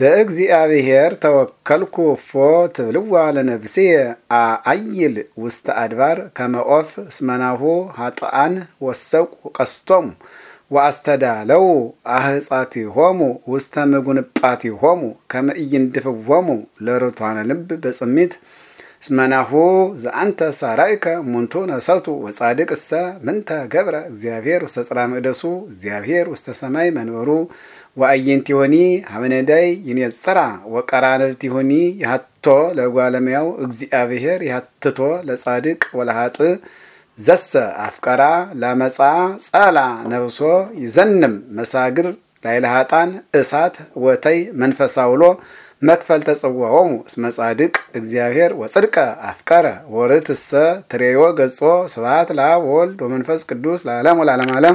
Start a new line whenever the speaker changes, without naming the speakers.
በእግዚአብሔር ተወከልኩ ፎ ትብልዋ ለነፍሴ አአይል ውስተ አድባር ከመኦፍ ስመናሁ እስመናሁ ወሰቁ ቀስቶም ወአስተዳለው አህጻት ሆሙ ውስተ ምጉንጳቲሆሙ ከመ ኢይንድፍዎሙ ለርቷነ ልብ በጽሚት እስመናሁ ዘአንተ ሳራይከ ሙንቱ ነብሰቱ ወጻድቅ እሰ ምንተ ገብረ እግዚአብሔር ውስተ ጽራ መቅደሱ እግዚአብሔር ውስተ ሰማይ መንበሩ ወአየንቲሆኒ ሀበነዳይ ይኔጽራ ሆኒ ያህቶ ለጓለሚያው እግዚአብሔር ያትቶ ለጻድቅ ወለሃጥ ዘሰ አፍቀራ ለመጻ ጸላ ነብሶ ይዘንም መሳግር ላይለሃጣን እሳት ወተይ መንፈሳውሎ መክፈል ተጽውዖሙ እስመ ጻድቅ እግዚአብሔር ወጽድቀ አፍቀረ ወርትሰ ትሬዮ ገጾ ስብሐት ለአብ ወልድ ወመንፈስ ቅዱስ ለዓለሙ ለዓለም ዓለም